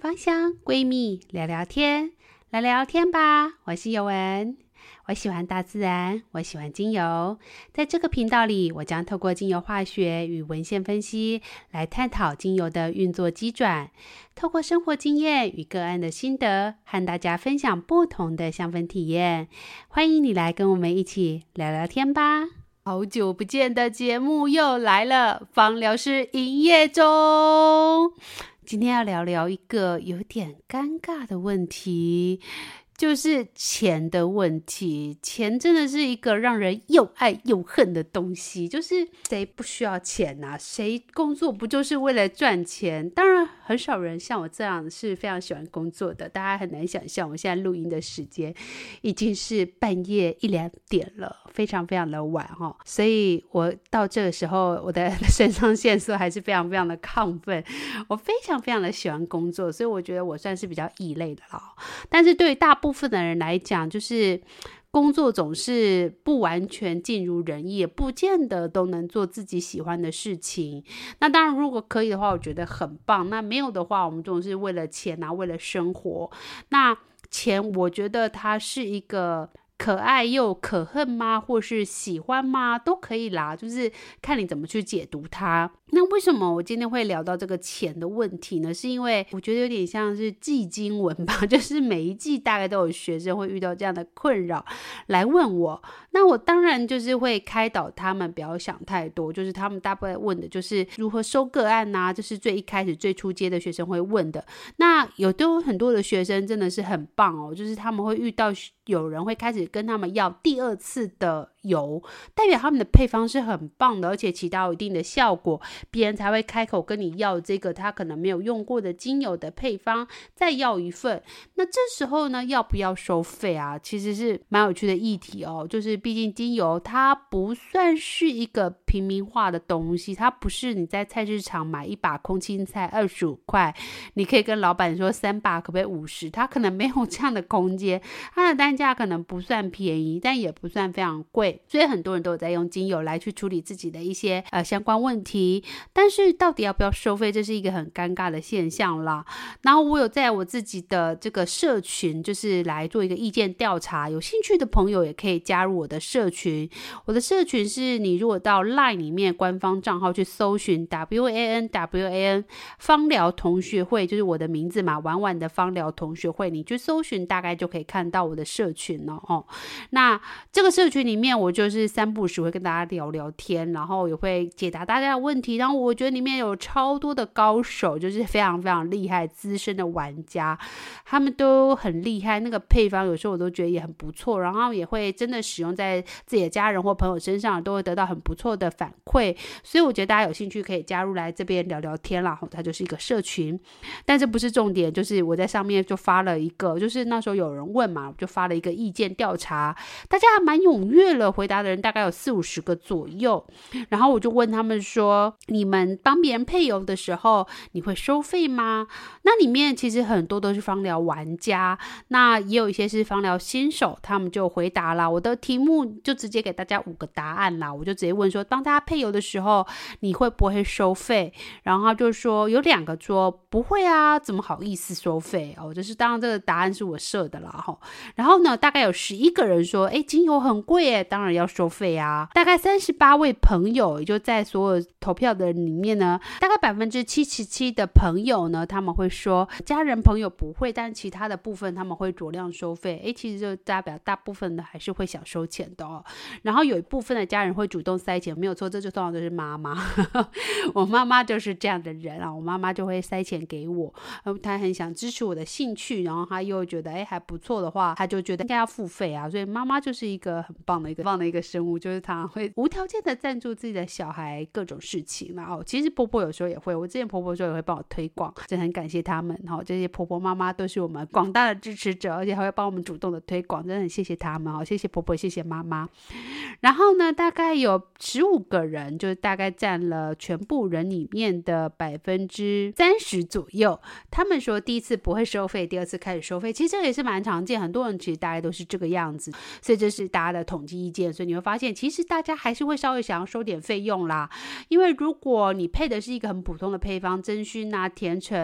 芳香閨蜜聊聊天，來聊天吧！我是宥雯，我喜歡大自然，我喜歡精油。在這個頻道裡，我將透過精油化學與文獻分析來探討精油的運作機轉，透過生活經驗與個案的心得，和大家分享不同的香氛體驗。歡迎你來跟我們一起聊聊天吧！好久不見的節目又來了，芳療師營業中。今天要聊聊一個有點尷尬的問題。就是錢的問題，錢真的是一個讓人又愛又恨的東西。就是誰不需要錢吶、啊？誰工作不就是為了賺錢？當然，很少人像我這樣是非常喜歡工作的。大家很難想象，我現在錄音的時間已經是半夜一兩點了，非常非常的晚哦。所以我到這個時候，我的腎上腺素還是非常非常的亢奮。我非常非常的喜歡工作，所以我覺得我算是比較異類的了。但是對於大部，部分的人來講，就是工作總是不完全盡如人意，也不見得都能做自己喜歡的事情。那當然，如果可以的話，我覺得很棒。那沒有的話，我們總是為了錢啊，為了生活。那錢，我覺得它是一個可愛又可恨嗎？或是喜歡嗎？都可以啦，就是看你怎麼去解讀它。那為什麼我今天會聊到這個錢的問題呢？是因為我覺得有點像是記經文吧，就是每一季大概都有學生會遇到這樣的困擾，來問我，那我當然就是會開導他們不要想太多。就是他們大部分問的就是如何收個案吶、啊，就是最一開始最初階的學生會問的。那有都很多的學生真的是很棒哦，就是他們會遇到有人會開始跟他們要第二次的油，代表他們的配方是很棒的，而且起到一定的效果，別人才會開口跟你要這個他可能沒有用過的精油的配方，再要一份。那這時候呢，要不要收費啊？其實是蠻有趣的議題哦。就是畢竟精油它不算是一個平民化的東西，它不是你在菜市場買一把空心菜二十五塊，你可以跟老闆說三把可不可以五十，它可能沒有這樣的空間，它的單價可能不算便宜，但也不算非常貴。所以很多人都有在用精油來去處理自己的一些呃相關問題，但是到底要不要收費，這是一個很尷尬的現象啦。然後我有在我自己的這個社群，就是來做一個意見調查，有興趣的朋友也可以加入我的社群。我的社群是你如果到 Line 裡面官方賬號去搜尋 WANWAN 芳療同學會，就是我的名字嘛，婉婉的芳療同學會，你去搜尋大概就可以看到我的社群了哦。那這個社群裡面，我就是三不五時會跟大家聊聊天，然後也會解答大家的問題。然後我覺得裡面有超多的高手，就是非常非常厲害、資深的玩家，他們都很厲害。那個配方有時候我都覺得也很不錯，然後也會真的使用在自己的家人或朋友身上，都會得到很不錯的反饋。所以我覺得大家有興趣可以加入來這邊聊聊天啦，然後它就是一個社群。但這不是重點，就是我在上面就發了一個，就是那時候有人問嘛，就發了一個意見調查，大家還蠻踴躍了，回答的人大概有四五十個左右，然後我就問他們說：“你們幫別人配油的時候，你會收費嗎？”那裡面其實很多都是芳療玩家，那也有一些是芳療新手，他們就回答啦。我的題目就直接給大家五個答案啦，我就直接問說：“當大家配油的時候，你會不會收費？”然後就說有兩個說不會啊，怎麼好意思收費哦？就是當然這個答案是我設的啦，然後呢，大概有十一個人說：“哎，精油很貴當然要收費啊！大概三十八位朋友，就在所有投票的裡面呢，大概百分之七十七的朋友呢，他們會說家人朋友不會，但其他的部分他們會酌量收費。哎，其實就代表大部分的還是會想收錢的。哦，然後有一部分的家人會主動塞錢，沒有錯，這就通常都是媽媽呵呵。我媽媽就是這樣的人啊，我媽媽就會塞錢給我，她很想支持我的興趣，然後她又覺得哎還不錯的話，她就覺得應該要付費啊。所以媽媽就是一個很棒的一個。的一個生物，就是他會無條件的贊助自己的小孩各種事情嘛。哦，其實婆婆有時候也會，我之前婆婆說也會幫我推廣，真的很感謝他們哈。這些婆婆媽媽都是我們廣大的支持者，而且還會幫我們主動的推廣，真的很謝謝他們哦，謝謝婆婆，謝謝媽媽。然後呢，大概有十五個人，就是大概佔了全部人裡面的百分之三十左右。他們說第一次不會收費，第二次開始收費，其實這也是蠻常見，很多人其實大概都是這個樣子，所以這是大家的統計意見。所以你會發現，其實大家還是會稍微想要收點費用啦。因為如果你配的是一個很普通的配方，真薰啊、甜橙，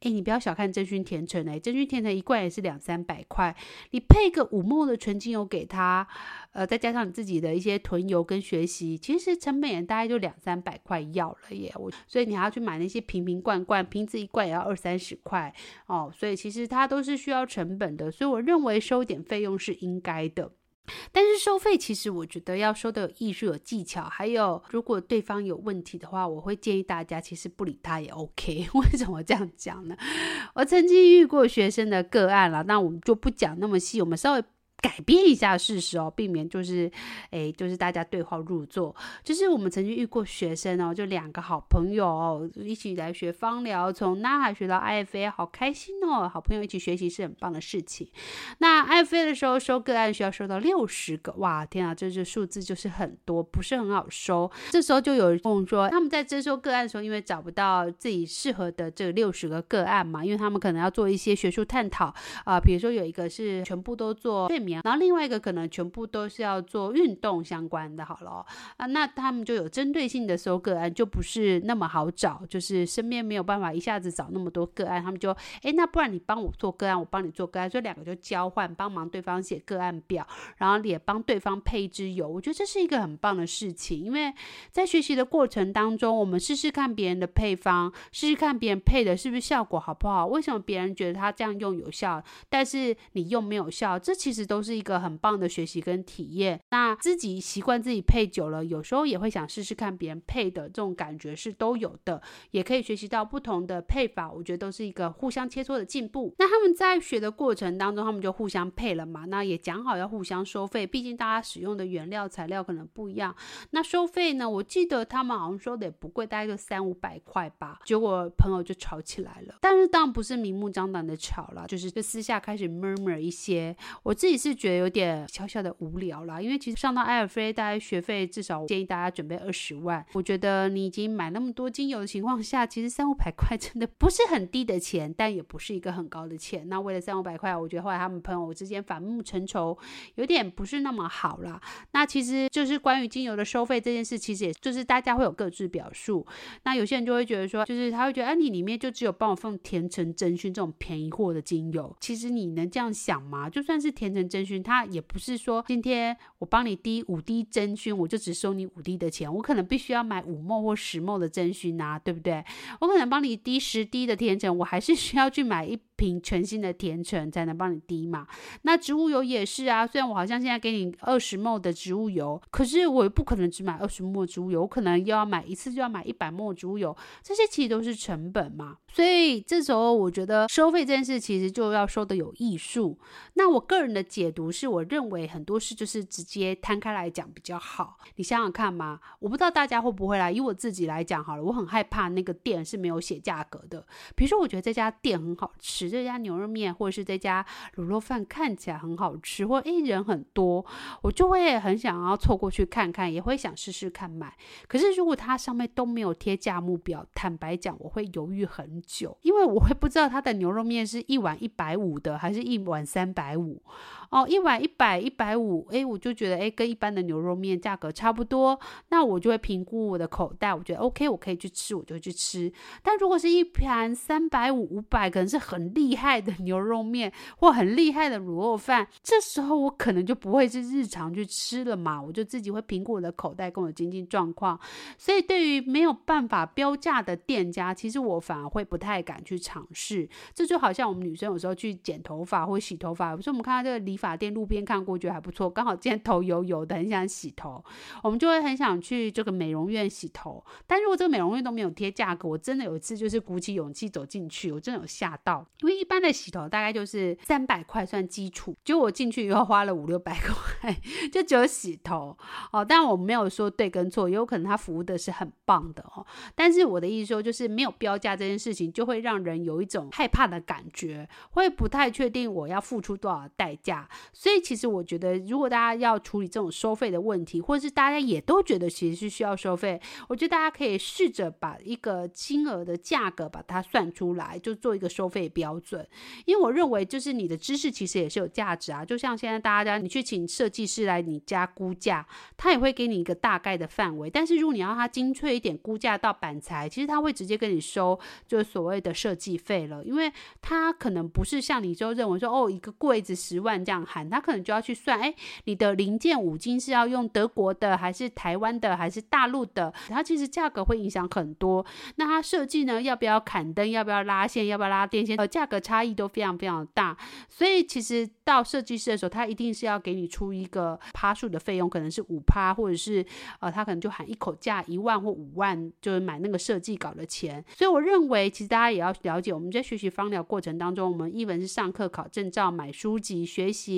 哎，你不要小看真薰甜橙哎、欸，真薰甜橙一罐也是兩三百塊。你配個 5ml 的純精油給他，呃，再加上你自己的一些囤油跟學習，其實成本也大概就兩三百塊要了耶。我，所以你還要去買那些瓶瓶罐罐，瓶子一罐也要二三十塊哦。所以其實它都是需要成本的，所以我認為收點費用是應該的。但是收費，其實我覺得要收的有藝術、有技巧。還有，如果對方有問題的話，我會建議大家其實不理他也 OK。為什麼這樣講呢？我曾經遇過學生的個案了，那我們就不講那麼細，我們稍微。改變一下事實哦，避免就是，哎、欸，就是大家對號入座。就是我們曾經遇過學生哦，就兩個好朋友、哦、一起來學芳療，從 NAHA 學到 IFA，好開心哦。好朋友一起學習是很棒的事情。那 IFA 的時候收個案需要收到六十個，哇，天啊，就是數字就是很多，不是很好收。這時候就有人跟我說，他們在徵收個案的時候，因為找不到自己適合的這六十個個案嘛，因為他們可能要做一些學術探討啊、呃，比如說有一個是全部都做然後另外一個可能全部都是要做運動相關的，好了啊，那他們就有針對性的搜個案，就不是那麼好找，就是身邊沒有辦法一下子找那麼多個案，他們就哎，那不然你幫我做個案，我幫你做個案，所以兩個就交換，幫忙對方寫個案表，然後也幫對方配支油。我覺得這是一個很棒的事情，因為在學習的過程當中，我們試試看別人的配方，試試看別人配的是不是效果好不好？為什麼別人覺得他這樣用有效，但是你用沒有效？這其實都。都是一個很棒的學習跟體驗。那自己習慣自己配久了，有時候也會想試試看別人配的，這種感覺是都有的，也可以學習到不同的配法。我覺得都是一個互相切磋的進步。那他們在學的過程當中，他們就互相配了嘛。那也講好要互相收費，畢竟大家使用的原料材料可能不一樣。那收費呢？我記得他們好像說的也不貴，大概就三五百塊吧。結果朋友就吵起來了，但是當然不是明目張膽的吵了，就是就私下開始 murmur 一些。我自己是。覺得有點小小的無聊啦，因為其實上到埃爾菲，大概學費至少建議大家準備二十萬。我覺得你已經買那麼多精油的情況下，其實三五百塊真的不是很低的錢，但也不是一個很高的錢。那為了三五百塊，我覺得後來他們朋友之間反目成仇，有點不是那麼好了。那其實就是關於精油的收費這件事，其實也就是大家會有各自表述。那有些人就會覺得說，就是他會覺得，哎、啊，你裡面就只有幫我放甜橙真熏這種便宜貨的精油，其實你能這樣想嗎？就算是甜橙真。真菌，它也不是說今天我幫你滴五滴真菌，我就只收你五滴的錢。我可能必須要買五毫或十毫的真菌吶、啊，對不對？我可能幫你滴十滴的甜橙，我還是需要去買一瓶全新的甜橙才能幫你滴嘛。那植物油也是啊，雖然我好像現在給你二十毫的植物油，可是我也不可能只買二十毫植物油，我可能又要買一次就要買一百毫植物油。這些其實都是成本嘛。所以這時候我覺得收費這件事其實就要收得有藝術。那我個人的。解讀是我認為很多事就是直接攤開來講比較好。你想想看嘛，我不知道大家會不會來，以我自己來講好了，我很害怕那個店是沒有寫價格的。比如說，我覺得這家店很好吃，這家牛肉麵或者是這家滷肉飯看起來很好吃，或哎人很多，我就會很想要湊過去看看，也會想試試看買。可是如果它上面都沒有貼價目表，坦白講，我會猶豫很久，因為我會不知道它的牛肉麵是一碗一百五的，還是一碗三百五。哦，一碗一百一百五，誒，我就覺得誒跟一般的牛肉麵價格差不多，那我就會評估我的口袋，我覺得 OK，我可以去吃，我就去吃。但如果是一盤三百五五百，可能是很厲害的牛肉麵或很厲害的滷肉飯，這時候我可能就不會是日常去吃了嘛，我就自己會評估我的口袋跟我的經濟狀況。所以對於沒有辦法標價的店家，其實我反而會不太敢去嘗試。這就好像我們女生有時候去剪頭髮或洗頭髮，比如說我們看到這個理。髮店路邊看過，覺得還不錯。剛好今天頭油油的，很想洗頭，我們就會很想去這個美容院洗頭。但如果這個美容院都沒有貼價格，我真的有一次就是鼓起勇氣走進去，我真的有嚇到。因為一般的洗頭大概就是三百塊算基礎，結果我進去以後花了五六百塊，就只有洗頭哦。但我沒有說對跟錯，也有可能他服務的是很棒的哦。但是我的意思說，就是沒有標價這件事情，就會讓人有一種害怕的感覺，會不太確定我要付出多少的代價。所以，其實我覺得，如果大家要處理這種收費的問題，或者是大家也都覺得其實是需要收費，我覺得大家可以試着把一個金額的價格把它算出來，就做一個收費標準。因為我認為，就是你的知識其實也是有價值啊。就像現在大家，你去請設計師來你家估價，他也會給你一個大概的範圍。但是，如果你要他精確一點估價到板材，其實他會直接跟你收就是所謂的設計費了，因為他可能不是像你就認為說哦，一個櫃子十萬這樣。喊他可能就要去算，哎，你的零件五金是要用德國的，還是台灣的，還是大陸的？它其實價格會影響很多。那它設計呢，要不要砍燈，要不要拉線，要不要拉電線？呃，價格差異都非常非常大。所以其實到設計師的時候，他一定是要給你出一個趴數的費用，可能是五趴，或者是呃，他可能就喊一口價一萬或五萬，就是買那個設計稿的錢。所以我認為，其實大家也要了解，我們在學習芳療過程當中，我們一文是上課、考證照、買書籍學習。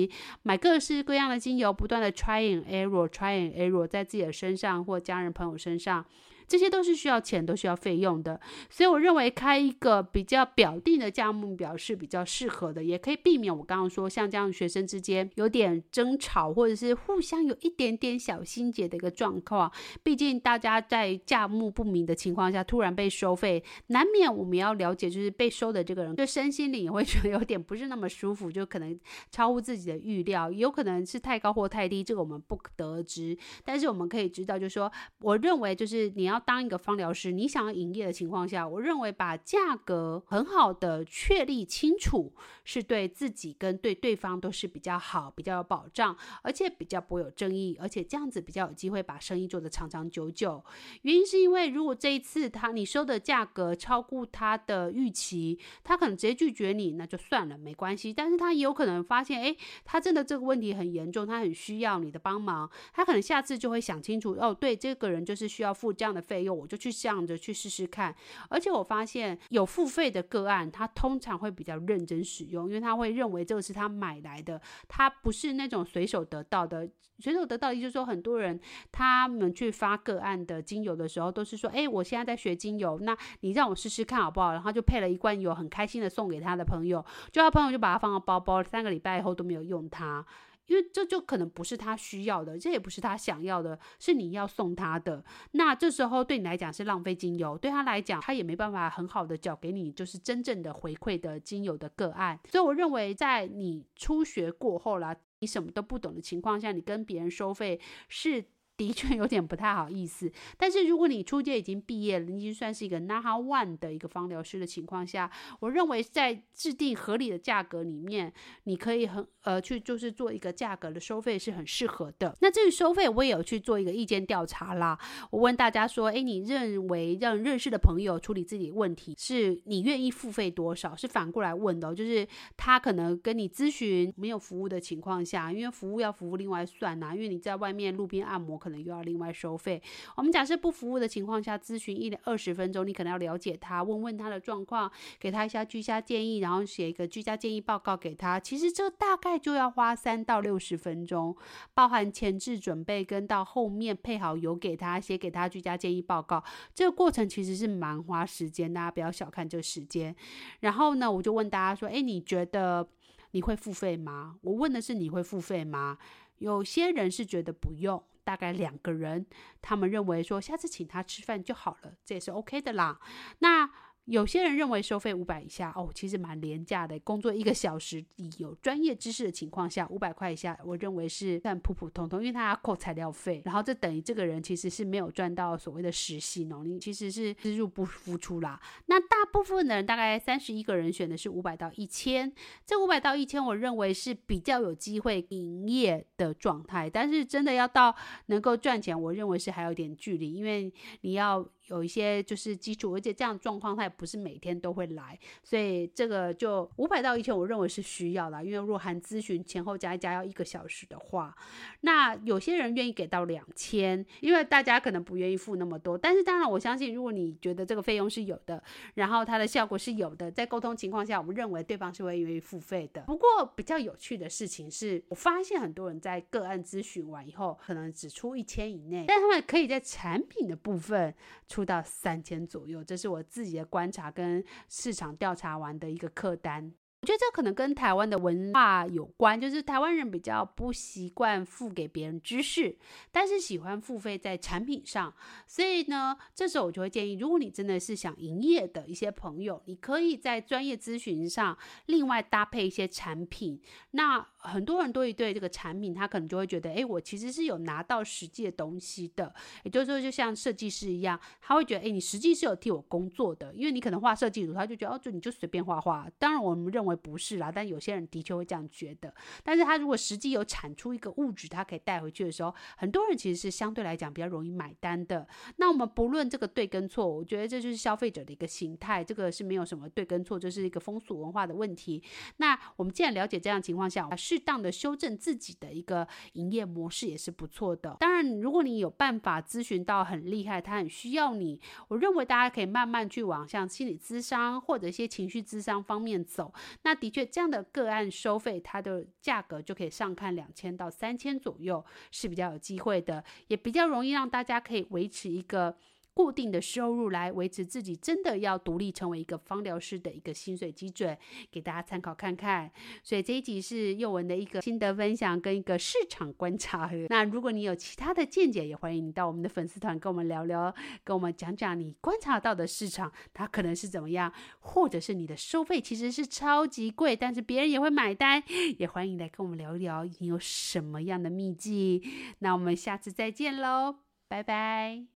買各式各樣的精油，不斷的 trying error，trying error，在自己的身上或家人朋友身上。這些都是需要錢，都需要費用的，所以我認為開一個比較表定的價目表是比較適合的，也可以避免我剛剛說像這樣學生之間有點爭吵，或者是互相有一點點小心結的一個狀況。畢竟大家在價目不明的情況下突然被收費，難免我們要了解，就是被收的這個人，就身心裡也會覺得有點不是那麼舒服，就可能超乎自己的預料，有可能是太高或太低，這個我們不得知。但是我們可以知道，就是說，我認為就是你要。然後當一個芳療師，你想要營業的情況下，我認為把價格很好的確立清楚，是對自己跟對對方都是比較好，比較有保障，而且比較不會有爭議，而且這樣子比較有機會把生意做得長長久久。原因是因為如果這一次他你收的價格超過他的預期，他可能直接拒絕你，那就算了，沒關係。但是他也有可能發現，誒，他真的這個問題很嚴重，他很需要你的幫忙，他可能下次就會想清楚，哦，對，這個人就是需要付這樣的。費用我就去向着去試試看，而且我發現有付費的個案，他通常會比較認真使用，因為他會認為這個是他買來的，他不是那種隨手得到的。隨手得到的就是說，很多人他們去發個案的精油的時候，都是說，誒，我現在在學精油，那你讓我試試看好不好？然後就配了一罐油，很開心的送給他的朋友，就他朋友就把它放到包包，三個禮拜以後都沒有用它。因為這就可能不是他需要的，這也不是他想要的，是你要送他的。那這時候對你來講是浪費精油，對他來講他也沒辦法很好的交給你，就是真正的回饋的精油的個案。所以我認為在你初學過後啦，你什麼都不懂的情況下，你跟別人收費是。的確有點不太好意思，但是如果你初階已經畢業了，你已經算是一個 NAHA One 的一個芳療師的情況下，我認為在制定合理的價格裡面，你可以很呃去就是做一個價格的收費是很適合的。那至於收費，我也有去做一個意見調查啦。我問大家說，哎，你認為讓認識的朋友處理自己問題，是你願意付費多少？是反過來問的、哦，就是他可能跟你諮詢沒有服務的情況下，因為服務要服務另外算吶、啊，因為你在外面路邊按摩。可能又要另外收費。我們假設不服務的情況下，諮詢一二十分鐘，你可能要了解他，問問他的狀況，給他一下居家建議，然後寫一個居家建議報告給他。其實這大概就要花三到六十分鐘，包含前置準備跟到後面配好油給他，寫給他居家建議報告。這個過程其實是蠻花時間，大家不要小看這個時間。然後呢，我就問大家說，哎、欸，你覺得你會付費嗎？我問的是你會付費嗎？有些人是覺得不用。大概兩個人，他們認為說下次請他吃飯就好了，這也是 OK 的啦。那，有些人認為收費五百以下哦，其實蠻廉價的。工作一個小時，有專業知識的情況下，五百塊以下，我認為是算普普通通，因為他要扣材料費，然後這等於這個人其實是沒有賺到所謂的時薪哦，你其實是入不敷出啦。那大部分的人，大概三十一個人選的是五百到一千，這五百到一千，我認為是比較有機會營業的狀態，但是真的要到能夠賺錢，我認為是還有一點距離，因為你要。有一些就是基礎，而且這樣狀況他也不是每天都會來，所以這個就五百到一千，我認為是需要的。因為若涵諮詢前後加一加要一個小時的話，那有些人願意給到兩千，因為大家可能不願意付那麼多。但是當然，我相信如果你覺得這個費用是有的，然後它的效果是有的，在溝通情況下，我們認為對方是會願意付費的。不過比較有趣的事情是，我發現很多人在個案諮詢完以後，可能只出一千以內，但他們可以在產品的部分。出到三千左右，這是我自己的觀察跟市場調查完的一個客單。我覺得這可能跟台灣的文化有關，就是台灣人比較不習慣付給別人知識，但是喜歡付費在產品上。所以呢，這時候我就會建議，如果你真的是想營業的一些朋友，你可以在專業諮詢上另外搭配一些產品。那很多人都會對這個產品，他可能就會覺得，哎、欸，我其實是有拿到實際的東西的。也就是說，就像設計師一樣，他會覺得，哎、欸，你實際是有替我工作的，因為你可能畫設計圖，他就覺得，哦，就你就隨便畫畫。當然，我們認為不是啦，但有些人的確會這樣覺得。但是他如果實際有產出一個物質，他可以帶回去的時候，很多人其實是相對來講比較容易買單的。那我們不論這個對跟錯，我覺得這就是消費者的一個心態，這個是沒有什麼對跟錯，這、就是一個風俗文化的問題。那我們既然了解這樣的情況下，適當的修正自己的一個營業模式也是不錯的。當然，如果你有辦法諮詢到很厲害，他很需要你，我認為大家可以慢慢去往像心理諮商或者一些情緒諮商方面走。那的確，這樣的個案收費，它的價格就可以上看兩千到三千左右，是比較有機會的，也比較容易讓大家可以維持一個。固定的收入來維持自己，真的要獨立成為一個芳療師的一個薪水基準，給大家參考看看。所以這一集是宥雯的一個心得分享跟一個市場觀察。那如果你有其他的見解，也歡迎你到我們的粉絲團跟我們聊聊，跟我們講講你觀察到的市場它可能是怎麼樣，或者是你的收費其實是超級貴，但是別人也會買單，也歡迎來跟我們聊一聊你有什麼樣的祕技。那我們下次再見嘍，拜拜。